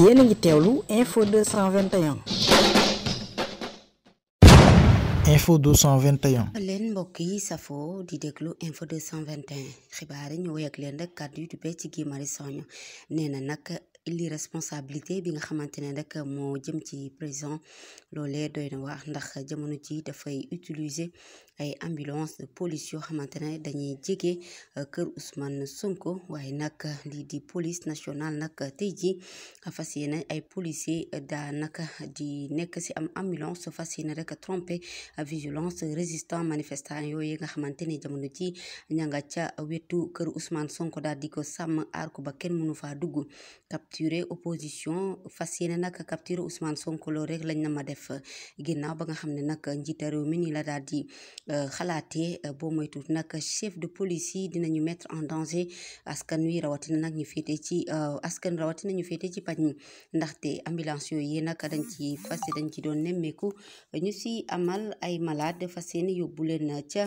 yéen a ngi teewlu info 221. info 221. leen mbokk yi safoo di déglu info 221 xibaar yi ñu wéy ak leen rek kàddu yu jubee ci Guy Marius Sagna nee li responsabilité bi nga xamante ne rek moo jëm ci président loolee doy na waax ndax jamono ci dafay utilisé ay ambulance de police yoo xamante ne dañuy jege euh, kër Ousmane Sonko waaye nag lii di police nationale nag tey ji fas yéene ay policier daanaka di nekk si am ambulance fas yéene rek trompé vigilance résistant manifestant yooyu nga xamante ne jamono ji ña nga ca wetu kër Ousmane Sonko daal di ko sàmm aar ko ba kenn mënu faa dugg capturer opposition fas yéene nag capturer Ousmane Sonko rek lañ na ma def ginnaaw ba nga xam ne nag njiita réew mi ni la daal di euh, xalaatee boo moytuut nag chef de police yi dinañu mettre en danger askan wi rawatina nag ñu féete ci euh, askan rawatina ñu féete ci paj mi ndaxte ambulance yooyu nag dañ ci fas dañ ci doon nemmeeku ñu si amal ay malade fas yéene yóbbu leen ca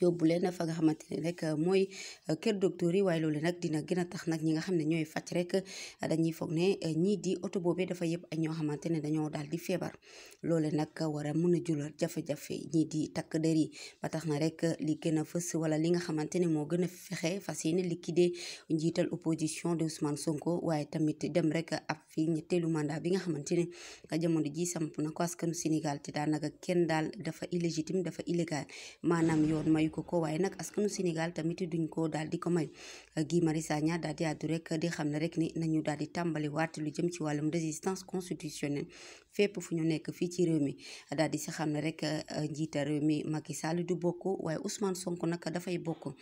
yóbbu leen fa nga xamante ne rek euh, mooy euh, kër docteur yi waaye loolu nag dina gën a tax nag ñi nga xam ne ñooy faj rek euh, dañuy foog ne ñii di oto boobee dafa yëpp ak ñoo xamante ne dañoo daal di feebar loole nag war a mën a jural jafe ñii di takk der yi tax na rek li gën a fës wala li nga xamante ne moo gën a fexe fas yéene liquider njiital opposition de Ousmane Sonko waaye tamit dem rek ab fii ñetteelu mandat bi nga xamante ne nga jamono ji samp na ko askanu Sénégal te daanaka kenn daal dafa illégitime dafa illégal maanaam yoon mayu ko ko waaye nag askanu Sénégal tamit duñ ko daal di ko may Guy Marius Sagna daal di àddu rek di xam ne rek ni nañu daal di tàmbali waat lu jëm ci wàllum résistance constitutionnelle fépp fu ñu nekk fii ci réew mi daal di si xam ne rek njiita réew mi Macky Sall du bokk waaye Ousmane sonk nag dafay bokk